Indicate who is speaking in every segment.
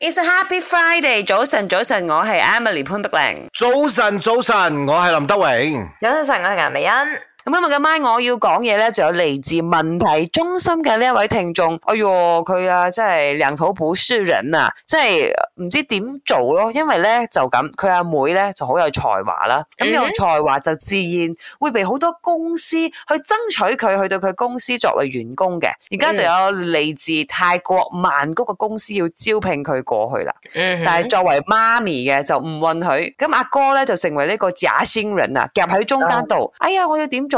Speaker 1: It's a happy Friday。早晨，早晨，我係 Emily 潘碧玲。
Speaker 2: 早晨，早晨，
Speaker 3: 我係林德榮。早晨，早晨，我係顏美恩。
Speaker 1: 咁啊！今晚我要講嘢咧，就有嚟自問題中心嘅呢一位聽眾，哎呦，佢啊真係良土普書人啊！即係唔知點做咯，因為咧就咁，佢阿妹咧就好有才華啦。咁有才華就自然會被好多公司去爭取佢去到佢公司作為員工嘅。而家就有嚟自泰國曼谷嘅公司要招聘佢過去啦。嗯，但係作為媽咪嘅就唔允許，咁阿哥咧就成為呢個假仙人啊，夾喺中間度。哎呀，我要點做？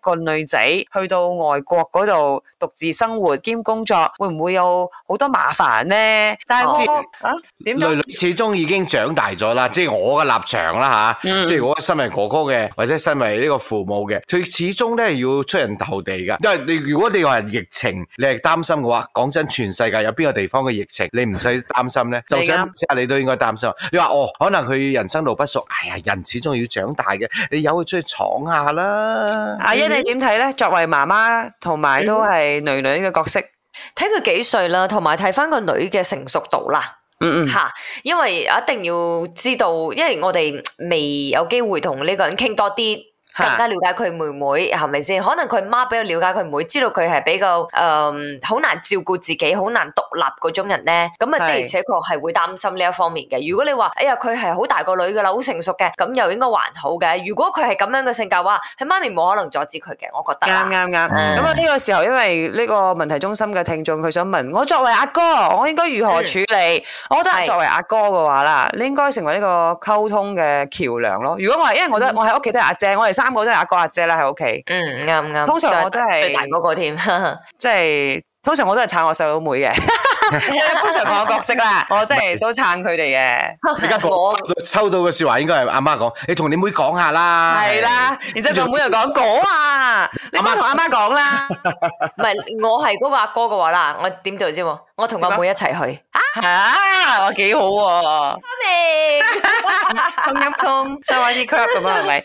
Speaker 1: 個女仔去到外國嗰度獨自生活兼工作，會唔會有好多麻煩呢？但係我、哦啊、女
Speaker 2: 女始終已經長大咗啦？即係我嘅立場啦吓，即係我身為哥哥嘅，或者身為呢個父母嘅，佢始終都要出人頭地㗎。因為你如果你話疫情，你係擔心嘅話，講真，全世界有邊個地方嘅疫情你唔使擔心呢？就算唔知你都應該擔心。你話哦，可能佢人生路不熟，哎呀，人始終要長大嘅，你
Speaker 3: 由佢出去闖下
Speaker 2: 啦。
Speaker 3: 哎你點睇咧？作為媽媽同埋都係女女嘅角色，睇佢幾歲啦，同埋睇翻個女嘅成熟度啦。嗯嗯，吓，因為一定要知道，因為我哋未有機會同呢個人傾多啲。更加瞭解佢妹妹係咪先？可能佢媽比較瞭解佢妹，知道佢係比較誒好難照顧自己、好難獨立嗰種人咧。咁啊，的而且確係會擔心呢一方面嘅。如果你話：哎呀，佢係好大個女㗎啦，好成熟嘅，咁又應該還好嘅。如果佢係咁樣嘅性格話，佢媽咪冇可能阻止佢嘅，我覺得。啱啱啱。咁啊，呢
Speaker 1: 個時候因為呢個問題中心嘅聽眾佢想問我，作為阿哥，我應該如何處理？我覺得作為阿哥嘅話啦，你應該成為呢個溝通嘅橋梁咯。如果我係因為我覺得我喺屋企都係阿正，我係三。三個都係阿哥阿姐啦喺屋企，嗯啱啱。通常我都係最大嗰個添，即係通常我都係撐我細佬妹嘅。我通常講角色啦，我真係都撐佢哋嘅。
Speaker 2: 而家我抽到嘅說話應該係阿媽講，你同你妹講下啦。係
Speaker 1: 啦，然之後阿妹
Speaker 3: 又講我啊，阿媽同阿媽講啦。唔係我係嗰個阿哥嘅話啦，我點做啫？我同阿妹一齊去啊，係啊，我，幾好喎！
Speaker 1: 聰明，con 音
Speaker 3: con 再玩啲 crap 咁樣係咪？